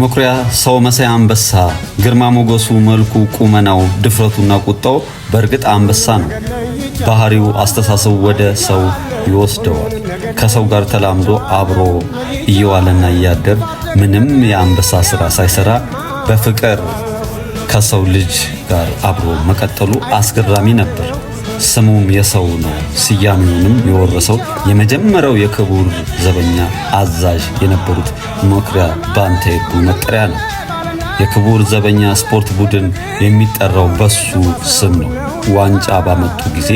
መኩሪያ ሰው መሳይ አንበሳ ግርማ ሞገሱ፣ መልኩ፣ ቁመናው፣ ድፍረቱና ቁጣው በእርግጥ አንበሳ ነው። ባህሪው፣ አስተሳሰቡ ወደ ሰው ይወስደዋል። ከሰው ጋር ተላምዶ አብሮ እየዋለና እያደር ምንም የአንበሳ ስራ ሳይሰራ በፍቅር ከሰው ልጅ ጋር አብሮ መቀጠሉ አስገራሚ ነበር። ስሙም የሰው ነው። ስያሜውንም የወረሰው የመጀመሪያው የክቡር ዘበኛ አዛዥ የነበሩት መኩሪያ ባንቴቡ መጠሪያ ነው። የክቡር ዘበኛ ስፖርት ቡድን የሚጠራው በሱ ስም ነው። ዋንጫ ባመጡ ጊዜ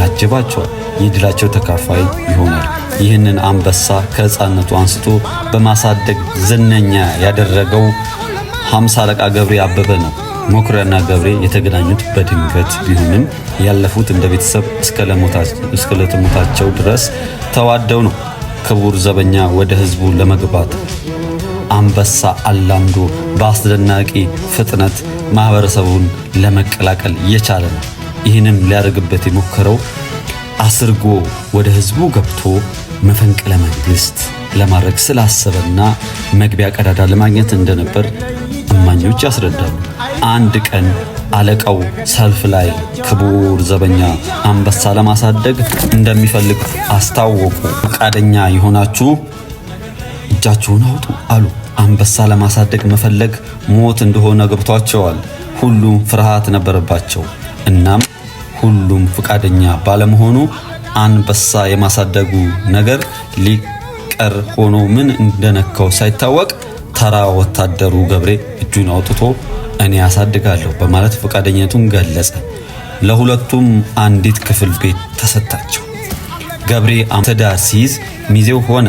ያጅባቸዋል፣ የድላቸው ተካፋይ ይሆናል። ይህንን አንበሳ ከሕፃነቱ አንስቶ በማሳደግ ዝነኛ ያደረገው ሀምሳ አለቃ ገብሬ አበበ ነው። መኩሪያና ገብሬ የተገናኙት በድንገት ቢሆንም ያለፉት እንደ ቤተሰብ እስከ ለተሞታቸው ድረስ ተዋደው ነው። ክቡር ዘበኛ ወደ ህዝቡ ለመግባት አንበሳ አላምዶ በአስደናቂ ፍጥነት ማህበረሰቡን ለመቀላቀል የቻለ ነው። ይህንም ሊያደርግበት የሞከረው አስርጎ ወደ ህዝቡ ገብቶ መፈንቅለ መንግስት ለማድረግ ስላሰበና መግቢያ ቀዳዳ ለማግኘት እንደነበር ዳኞች ያስረዳሉ። አንድ ቀን አለቃው ሰልፍ ላይ ክቡር ዘበኛ አንበሳ ለማሳደግ እንደሚፈልግ አስታወቁ። ፈቃደኛ የሆናችሁ እጃችሁን አውጡ አሉ። አንበሳ ለማሳደግ መፈለግ ሞት እንደሆነ ገብቷቸዋል። ሁሉም ፍርሃት ነበረባቸው። እናም ሁሉም ፈቃደኛ ባለመሆኑ አንበሳ የማሳደጉ ነገር ሊቀር ሆኖ ምን እንደነካው ሳይታወቅ ተራ ወታደሩ ገብሬ እጁን አውጥቶ እኔ ያሳድጋለሁ በማለት ፈቃደኝነቱን ገለጸ። ለሁለቱም አንዲት ክፍል ቤት ተሰጣቸው። ገብሬ አምተዳ ሲይዝ ሚዜው ሆነ።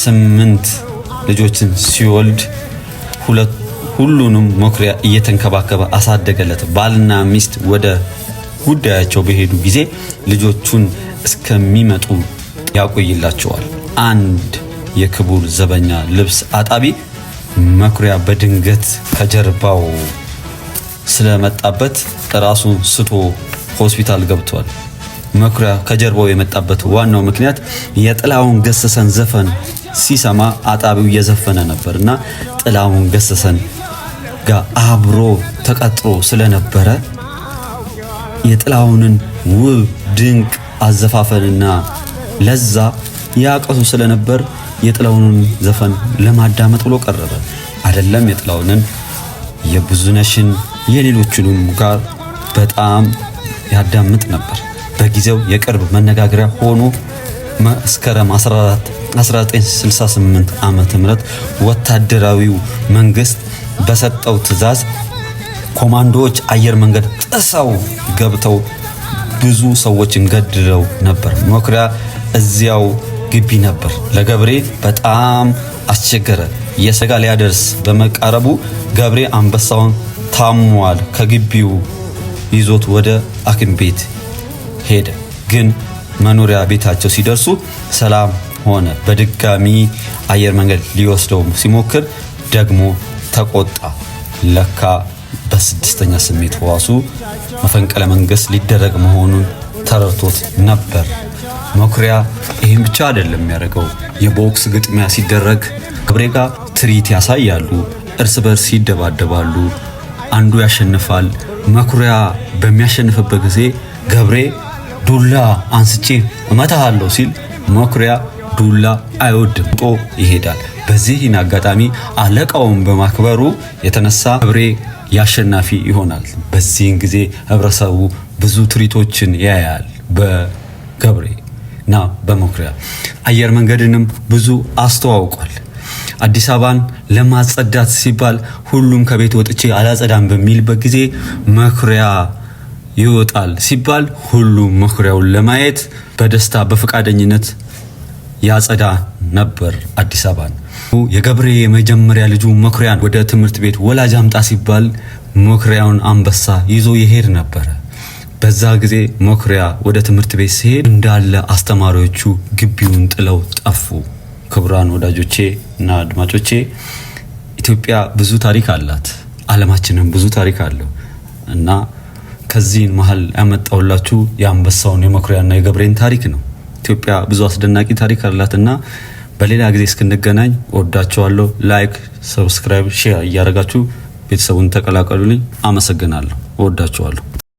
ስምንት ልጆችን ሲወልድ ሁሉንም መኩሪያ እየተንከባከበ አሳደገለት። ባልና ሚስት ወደ ጉዳያቸው በሄዱ ጊዜ ልጆቹን እስከሚመጡ ያቆይላቸዋል። አንድ የክቡር ዘበኛ ልብስ አጣቢ መኩሪያ በድንገት ከጀርባው ስለመጣበት ራሱን ስቶ ሆስፒታል ገብቷል። መኩሪያ ከጀርባው የመጣበት ዋናው ምክንያት የጥላሁን ገሰሰን ዘፈን ሲሰማ አጣቢው እየዘፈነ ነበር እና ጥላሁን ገሰሰን ጋር አብሮ ተቀጥሮ ስለነበረ የጥላሁንን ውብ ድንቅ አዘፋፈንና ለዛ ያቀሱ ስለነበር የጥላሁንን ዘፈን ለማዳመጥ ብሎ ቀረበ። አይደለም የጥላሁንን የብዙነሽን የሌሎችንም ጋር በጣም ያዳምጥ ነበር። በጊዜው የቅርብ መነጋገሪያ ሆኖ መስከረም 1968 ዓመተ ምህረት ወታደራዊው መንግስት በሰጠው ትዕዛዝ ኮማንዶዎች አየር መንገድ ጥሰው ገብተው ብዙ ሰዎችን ገድለው ነበር። መኩሪያ እዚያው ግቢ ነበር። ለገብሬ በጣም አስቸገረ። የሰጋ ሊያደርስ በመቃረቡ ገብሬ አንበሳውን ታሟል ከግቢው ይዞት ወደ አክም ቤት ሄደ። ግን መኖሪያ ቤታቸው ሲደርሱ ሰላም ሆነ። በድጋሚ አየር መንገድ ሊወስደው ሲሞክር ደግሞ ተቆጣ። ለካ በስድስተኛ ስሜት ዋሱ መፈንቅለ መንግስት ሊደረግ መሆኑን ተረድቶት ነበር። መኩሪያ ይህን ብቻ አይደለም የሚያደርገው። የቦክስ ግጥሚያ ሲደረግ ከብሬ ጋር ትርኢት ያሳያሉ፣ እርስ በርስ ይደባደባሉ፣ አንዱ ያሸንፋል። መኩሪያ በሚያሸንፍበት ጊዜ ገብሬ ዱላ አንስቼ እመታሃለሁ ሲል መኩሪያ ዱላ አይወድም ጦ ይሄዳል። በዚህን አጋጣሚ አለቃውን በማክበሩ የተነሳ ገብሬ ያሸናፊ ይሆናል። በዚህን ጊዜ ህብረተሰቡ ብዙ ትርኢቶችን ያያል። ና በመኩሪያ አየር መንገድንም ብዙ አስተዋውቋል። አዲስ አበባን ለማጸዳት ሲባል ሁሉም ከቤት ወጥቼ አላጸዳም በሚልበት ጊዜ መኩሪያ ይወጣል ሲባል ሁሉም መኩሪያውን ለማየት በደስታ በፈቃደኝነት ያጸዳ ነበር አዲስ አበባን። የገብሬ የመጀመሪያ ልጁ መኩሪያን ወደ ትምህርት ቤት ወላጅ አምጣ ሲባል መኩሪያውን አንበሳ ይዞ ይሄድ ነበረ። በዛ ጊዜ መኩሪያ ወደ ትምህርት ቤት ሲሄድ እንዳለ አስተማሪዎቹ ግቢውን ጥለው ጠፉ። ክቡራን ወዳጆቼ እና አድማጮቼ ኢትዮጵያ ብዙ ታሪክ አላት፣ አለማችንም ብዙ ታሪክ አለው እና ከዚህ መሀል ያመጣውላችሁ የአንበሳውን የመኩሪያና የገብሬን ታሪክ ነው። ኢትዮጵያ ብዙ አስደናቂ ታሪክ አላት እና በሌላ ጊዜ እስክንገናኝ ወዳችኋለሁ። ላይክ፣ ሰብስክራይብ፣ ሼር እያደረጋችሁ ቤተሰቡን ተቀላቀሉልኝ። አመሰግናለሁ። ወዳችኋለሁ።